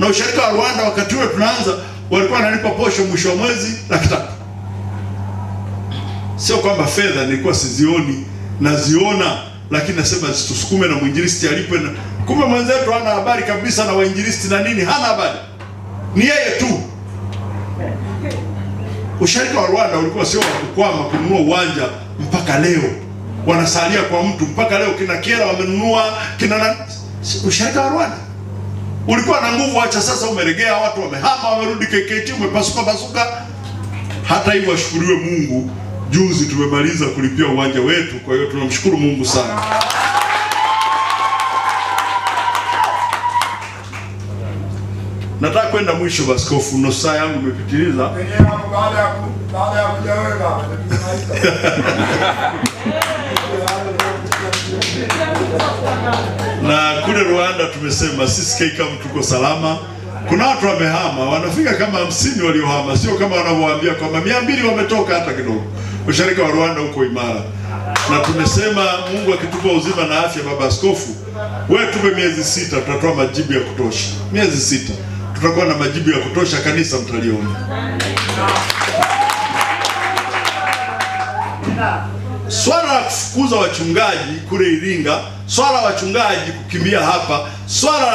na ushirika wa Rwanda wakati ule tunaanza walikuwa wanalipa posho mwisho wa mwezi laki tatu. Sio kwamba fedha nilikuwa sizioni, naziona, lakini nasema zitusukume na mwinjilisti alipwe na kumbe mwenzetu hana habari kabisa na wainjilisti na nini, hana habari, ni yeye tu. Ushirika wa Rwanda ulikuwa sio wa kukwama kununua uwanja, mpaka leo wanasalia kwa mtu mpaka leo, kina Kera wamenunua kina na ushirika wa Rwanda Ulikuwa na nguvu, acha sasa. Umeregea, watu wamehama, wamerudi KKT, umepasuka pasuka. Hata hivyo ashukuriwe Mungu, juzi tumemaliza kulipia uwanja wetu, kwa hiyo tunamshukuru Mungu sana. Nataka kwenda mwisho, baskofu, nusu saa yangu imepitiliza. na kule Rwanda tumesema sisi KCAM tuko salama. Kuna watu wamehama, wanafika kama hamsini waliohama, sio kama wanavyoambia kwamba mia mbili wametoka hata kidogo. Ushirika wa Rwanda uko imara, na tumesema Mungu akitupa uzima na afya, baba askofu, wewe tupe miezi sita, tutatoa majibu ya kutosha. Miezi sita tutakuwa na majibu ya kutosha, kanisa mtaliona swala la kufukuza wachungaji kule Iringa, swala la wachungaji kukimbia hapa, swala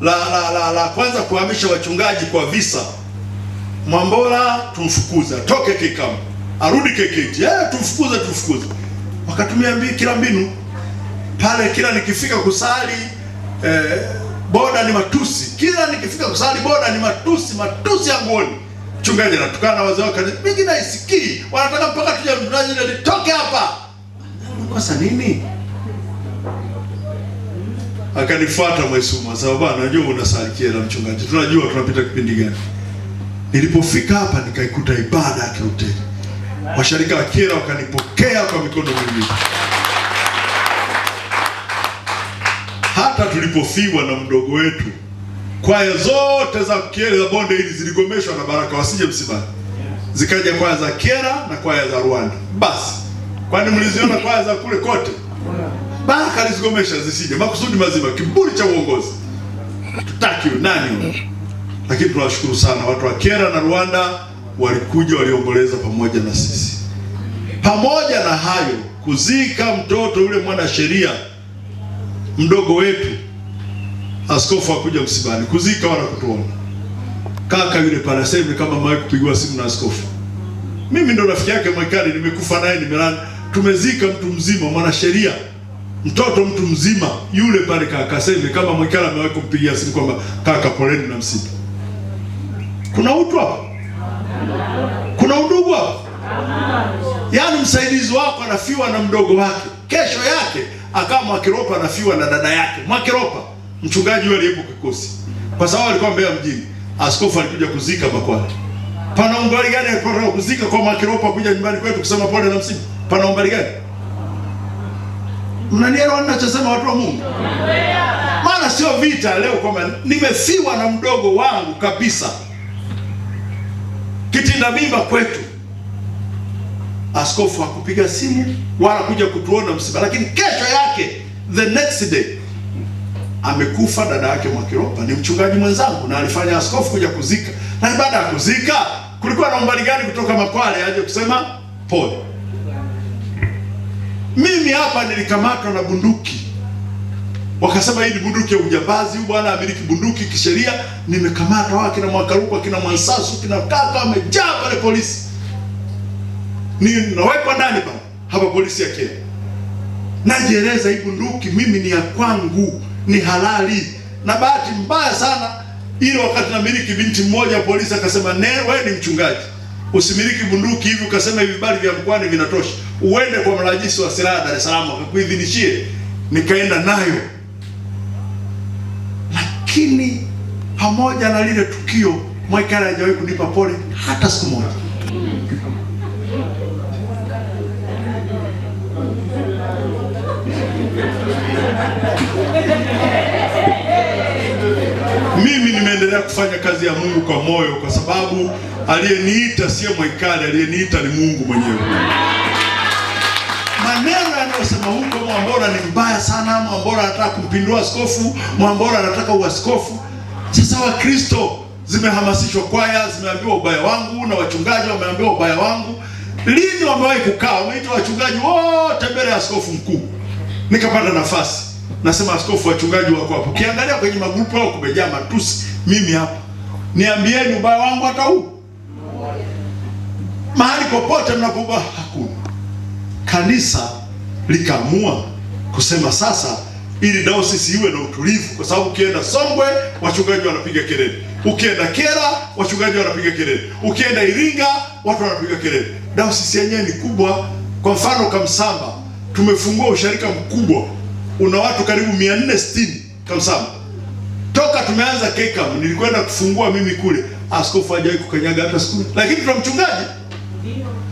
la la, la, la, la kwanza kuhamisha wachungaji kwa visa. Mwambola tumfukuza toke kikamu arudi Kekiti, yeah, tumfukuze tumfukuze. Wakatumia mbi, kila mbinu pale, kila nikifika kusali eh, boda ni matusi, kila nikifika kusali boda ni matusi, matusi ya ngoni Mchungaji anatukana wazee wake, mimi naisikii, wanataka mpaka tuje mnaji na nitoke hapa. Nakosa nini? Akanifuata Mwaisuma, sababu bwana, unajua unasalikia na mchungaji, tunajua tunapita kipindi gani. Nilipofika hapa nikaikuta ibada ya kiuteli. Washarika wa Kyela wakanipokea kwa mikono miwili. Hata tulipofiwa na mdogo wetu Kwaya zote za Kyela za bonde hili ziligomeshwa na Baraka wasije msibani, zikaja kwaya za Kyela na kwaya za Rwanda. Basi kwani mliziona kwaya za kule kote? Baraka alizigomesha zisije, makusudi mazima, kiburi cha uongozi. Tutaki nani? Lakini tunawashukuru sana watu wa Kyela na Rwanda, walikuja waliomboleza pamoja na sisi. Pamoja na hayo, kuzika mtoto yule mwana sheria mdogo wetu askofu akuja msibani kuzika wala kutuona. Kaka yule pale sasa hivi kama mwa kupigwa simu na askofu, mimi ndo rafiki yake mwekali, nimekufa naye nimelala. Tumezika mtu mzima, mwanasheria mtoto mtu mzima yule pale. Kaka sasa hivi kama mwekali amewahi kumpigia simu kwamba kaka, poleni na msiba. Kuna utu hapa, kuna udugu hapa. Yaani msaidizi wako anafiwa na mdogo wake, kesho yake akawa Mwakiropa anafiwa na dada yake Mwakiropa mchungaji yule aliyepo kikosi, kwa sababu alikuwa Mbeya mjini. Askofu alikuja kuzika Makwale. Pana umbali gani alipata kuzika kwa Makiropa kuja nyumbani kwetu kusema pole na msiba? Pana umbali gani? Mnanielewa ninachosema watu wa Mungu? Maana sio vita leo kwamba nimefiwa na mdogo wangu kabisa. Kitinda mimba kwetu. Askofu hakupiga simu wala kuja kutuona msiba, lakini kesho yake the next day amekufa dada yake Mwakiropa, ni mchungaji mwenzangu na alifanya askofu kuja kuzika, na baada ya kuzika kulikuwa na umbali gani kutoka Makwale aje kusema pole? Mimi hapa nilikamatwa na bunduki, wakasema hii ni bunduki ya ujambazi, huyu bwana amiliki bunduki kisheria. Nimekamatwa wake na Mwakarupa, kina Mwansasu, kina kaka amejaa pale polisi, ninawekwa ndani hapa polisi yake, najieleza hii bunduki mimi ni ya kwangu ni halali. Na bahati mbaya sana, ile wakati namiliki, binti mmoja polisi akasema, ne wewe ni mchungaji, usimiliki bunduki hivi, ukasema hivi vibali vya mkoani vinatosha, uende kwa mrajisi wa silaha Dar es Salaam akakuidhinishie. Nikaenda nayo, lakini pamoja na lile tukio, Mwakala hajawahi kunipa pole hata siku moja. Mimi nimeendelea kufanya kazi ya Mungu kwa moyo, kwa sababu aliyeniita sio mwaikali aliyeniita ni Mungu mwenyewe. Maneno yanayosema huko Mwambola ni mbaya sana. Mwambola anataka kumpindua askofu, Mwambola anataka uaskofu. Sasa Wakristo zimehamasishwa, kwaya zimeambiwa ubaya wangu na wachungaji wameambiwa ubaya wangu. Lini wamewahi kukaa wameita wachungaji wote mbele ya askofu mkuu? Nikapata nafasi Nasema askofu, wachungaji wako hapo, ukiangalia kwenye magrupu yao kumejaa matusi. Mimi hapa niambieni ubaya wangu hata huu, mahali popote mnapoba hakuna. Kanisa likaamua kusema sasa, ili dayosisi iwe na utulivu, kwa sababu ukienda Songwe wachungaji wanapiga kelele, ukienda Kera wachungaji wanapiga kelele, ukienda Iringa watu wanapiga kelele. Dayosisi yenyewe ni kubwa. Kwa mfano Kamsamba tumefungua usharika mkubwa una watu karibu 460 Kamsamba. Toka tumeanza KECAM nilikwenda kufungua mimi kule, askofu hajawahi kukanyaga hata siku Lakini tuna mchungaji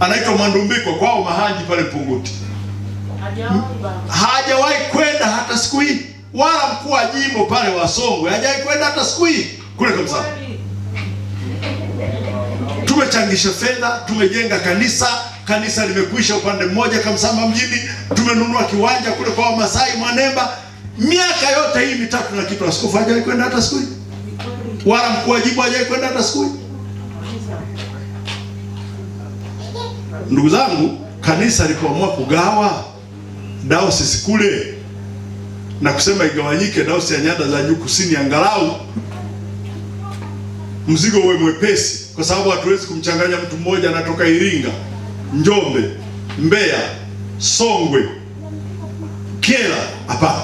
anaitwa Mandumbiko kwao mahaji pale Punguti, hmm? hajawahi kwenda hata siku hii, wala mkuu wa jimbo pale wa Songwe hajawahi kwenda hata siku hii kule Kamsamba. Tumechangisha fedha, tumejenga kanisa kanisa limekwisha upande mmoja Kamsamba mjini. Tumenunua kiwanja kule kwa Wamasai Mwanemba. Miaka yote hii mitatu na kitu, askofu hajawahi kwenda hata siku wala mkuu wa jimbo hajawahi kwenda hata siku. Ndugu zangu, kanisa likuamua kugawa dayosisi kule na kusema igawanyike dayosisi ya nyanda za juu kusini, angalau mzigo uwe mwepesi, kwa sababu hatuwezi kumchanganya mtu mmoja anatoka Iringa Njombe, Mbeya, Songwe, kela Hapana,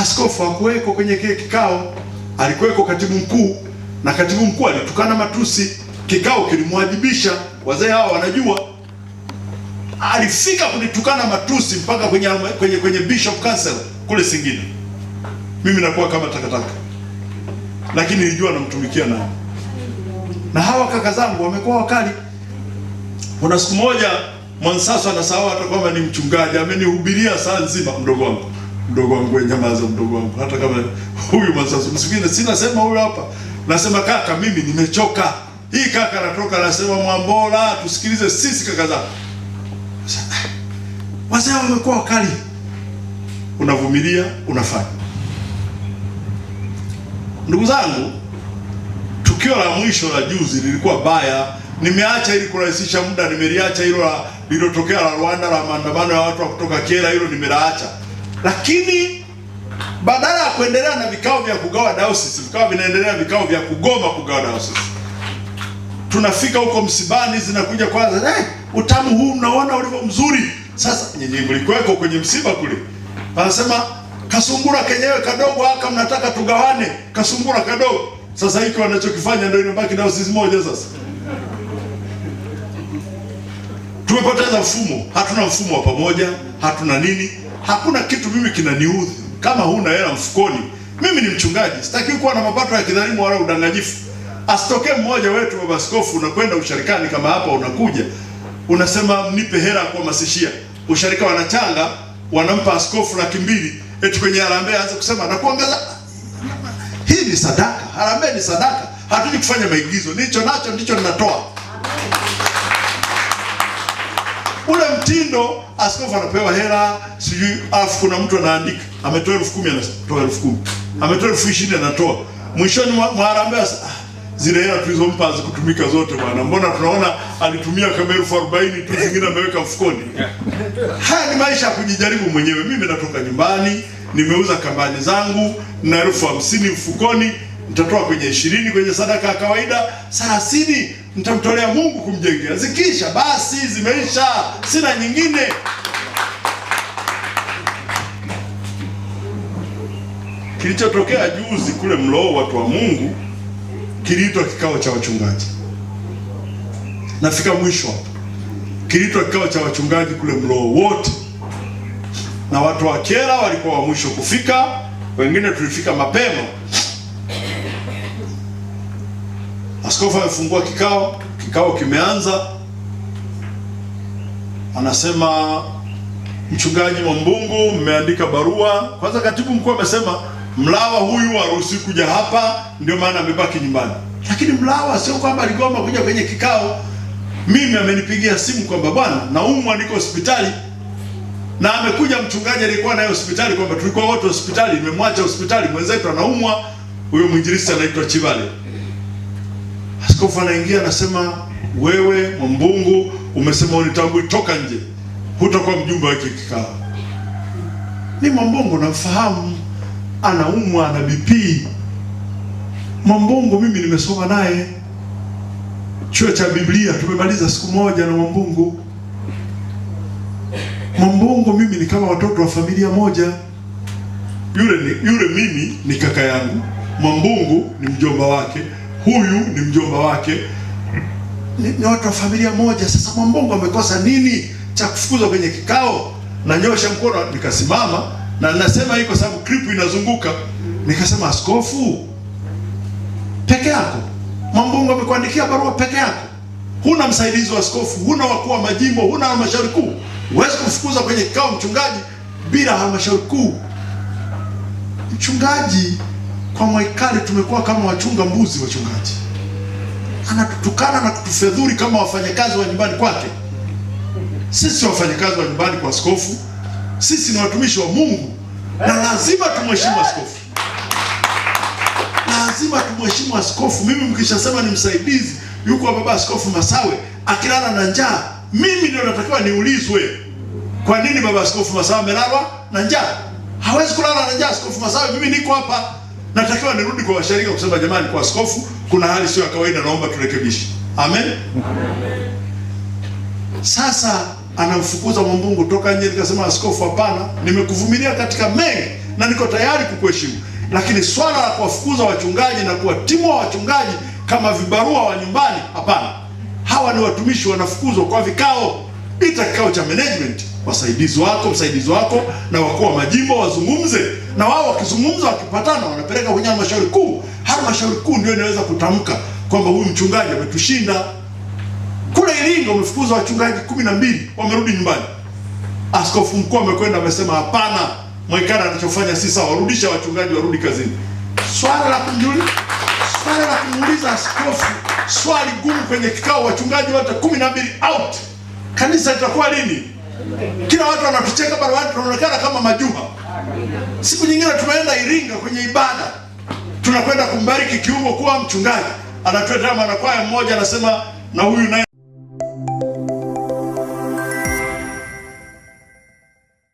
askofu hakuweko kwenye kile kikao, alikuweko katibu mkuu, na katibu mkuu alitukana matusi. Kikao kilimwajibisha, wazee hawa wanajua. Alifika kunitukana matusi mpaka kwenye kwenye, kwenye bishop council kule Singida. Mimi nakuwa kama takataka, lakini nilijua namtumikia nani, na hawa kaka zangu wamekuwa wakali kuna siku moja Mwansaso anasahau hata kwamba ni mchungaji, amenihubiria saa nzima, mdogo wangu, mdogo wangu, wewe nyamaza, mdogo wangu, hata kama huyu Mwansasa msikini, sinasema huyu hapa, nasema kaka, mimi nimechoka hii. Kaka anatoka anasema, Mwambola, tusikilize sisi kaka zako, wazee wamekuwa wakali, unavumilia, unafanya Ndugu zangu, tukio la mwisho la juzi lilikuwa baya nimeacha ili kurahisisha muda, nimeliacha hilo la lililotokea la Rwanda la maandamano ya watu wa kutoka Kera, hilo nimeliacha. Lakini badala ya kuendelea na vikao vya kugawa dayosisi, vikao vinaendelea vikao vya kugoma kugawa dayosisi. Tunafika huko msibani, zinakuja kwanza, eh, utamu huu mnaona ulivyo mzuri. Sasa nyinyi mlikuweko kwenye msiba kule, wanasema kasungura kenyewe kadogo haka, mnataka tugawane kasungura kadogo. Sasa hiki wanachokifanya ndio inabaki dayosisi moja sasa Tumepoteza mfumo, hatuna mfumo wa pamoja, hatuna nini, hakuna kitu. Mimi kinaniudhi kama huna hela mfukoni. Mimi ni mchungaji, sitaki kuwa na mapato ya kidhalimu wala udanganyifu. Asitokee mmoja wetu, baba askofu, unakwenda usharikani kama hapa, unakuja unasema mnipe hela ya kuhamasishia usharika, wanachanga wanampa askofu laki mbili eti kwenye harambee aanze kusema na kuongeza. Hii ni sadaka, harambee ni sadaka. Hatuji kufanya maigizo, nicho nacho ndicho ninatoa ule mtindo, askofu anapewa hela sijui, afu kuna mtu anaandika ametoa elfu kumi anatoa elfu kumi ametoa elfu ishirini anatoa mwishoni mwa ah, zile hela tulizompa hazikutumika zote bwana, mbona tunaona alitumia kama elfu arobaini tu, zingine ameweka mfukoni. Haya ni maisha ya kujijaribu mwenyewe. Mimi natoka nyumbani, nimeuza kambani zangu na elfu hamsini mfukoni, nitatoa kwenye ishirini kwenye sadaka ya kawaida, thelathini nitamtolea Mungu kumjengea. Zikisha basi, zimeisha, sina nyingine. Kilichotokea juzi kule Mloo, watu wa Mungu, kiliitwa kikao cha wachungaji. Nafika mwisho hapa kiliitwa kikao cha wachungaji kule Mloo wote, na watu wa Kyela walikuwa wa mwisho kufika, wengine tulifika mapema. Askofu amefungua kikao, kikao kimeanza. Anasema mchungaji Mwambungu, mmeandika barua. Kwanza katibu mkuu amesema Mlawa huyu haruhusiwi kuja hapa, ndio maana amebaki nyumbani. Lakini Mlawa sio kwamba aligoma kuja kwenye kikao. Mimi amenipigia simu kwamba bwana, naumwa, niko hospitali, na amekuja mchungaji aliyekuwa naye hospitali, kwamba tulikuwa wote hospitali, nimemwacha hospitali, mwenzetu anaumwa, huyo mwinjilisti anaitwa Chivale. Askofu anaingia anasema, wewe Mwambungu umesema unitambui, toka nje, hutakuwa mjumbe wa kikao. Ni Mwambungu namfahamu, anaumwa na BP. Mwambungu mimi nimesoma naye chuo cha Biblia, tumemaliza siku moja na Mwambungu. Mwambungu mimi ni kama watoto wa familia moja. Yule, yule mimi ni kaka yangu, Mwambungu ni mjomba wake huyu ni mjomba wake, ni watu wa familia moja. Sasa Mwambongo amekosa nini cha kufukuzwa kwenye kikao? Nanyosha mkono nikasimama, na nasema hii kwa sababu klipu inazunguka. Nikasema, askofu, peke yako Mwambongo amekuandikia barua peke yako, huna msaidizi wa askofu, huna wakuu wa majimbo, huna halmashauri kuu. Huwezi kufukuza kwenye kikao mchungaji bila halmashauri kuu. Mchungaji kwa Mwaikali tumekuwa kama wachunga mbuzi, wachungaji, anatutukana na kutufedhuri kama wafanyakazi wa nyumbani kwake. Sisi wafanyakazi wa nyumbani kwa askofu, sisi ni watumishi wa Mungu na lazima tumheshimu askofu, lazima tumheshimu askofu. Mimi mkishasema ni msaidizi yuko baba askofu Masawe akilala na njaa, mimi ndio natakiwa niulizwe, kwa nini baba askofu Masawe amelala na njaa? Hawezi kulala na njaa askofu Masawe, mimi niko hapa natakiwa nirudi kwa washirika kusema jamani, kwa askofu kuna hali sio ya kawaida, naomba turekebishe. Amen, amen. Sasa anamfukuza Mwambungu toka nje, nikasema askofu, hapana, nimekuvumilia katika mengi na niko tayari kukuheshimu, lakini swala la kuwafukuza wachungaji na kuwatimua wachungaji kama vibarua wa nyumbani, hapana. Hawa ni watumishi, wanafukuzwa kwa vikao kikao cha management, wasaidizi wako, msaidizi wako na wakuu wa majimbo wazungumze, na wao wakizungumza, wakipatana, wanapeleka kwenye halmashauri kuu. Halmashauri kuu ndio inaweza kutamka kwamba huyu mchungaji ametushinda. Kule Iringa wamefukuza wachungaji kumi na mbili, wamerudi nyumbani. Askofu mkuu amekwenda amesema, hapana, Mwekana anachofanya si sawa, warudisha wachungaji, warudi kazini. Swala la kumjulia, swala la kumuuliza askofu swali gumu kwenye kikao, wachungaji wote kumi na mbili out kanisa litakuwa lini? Kila watu wanatucheka bara, watu wanaonekana kama majuha. Siku nyingine tumeenda Iringa kwenye ibada, tunakwenda kumbariki kiungo kuwa mchungaji, anatuletea mwanakwaya mmoja, anasema na huyu naye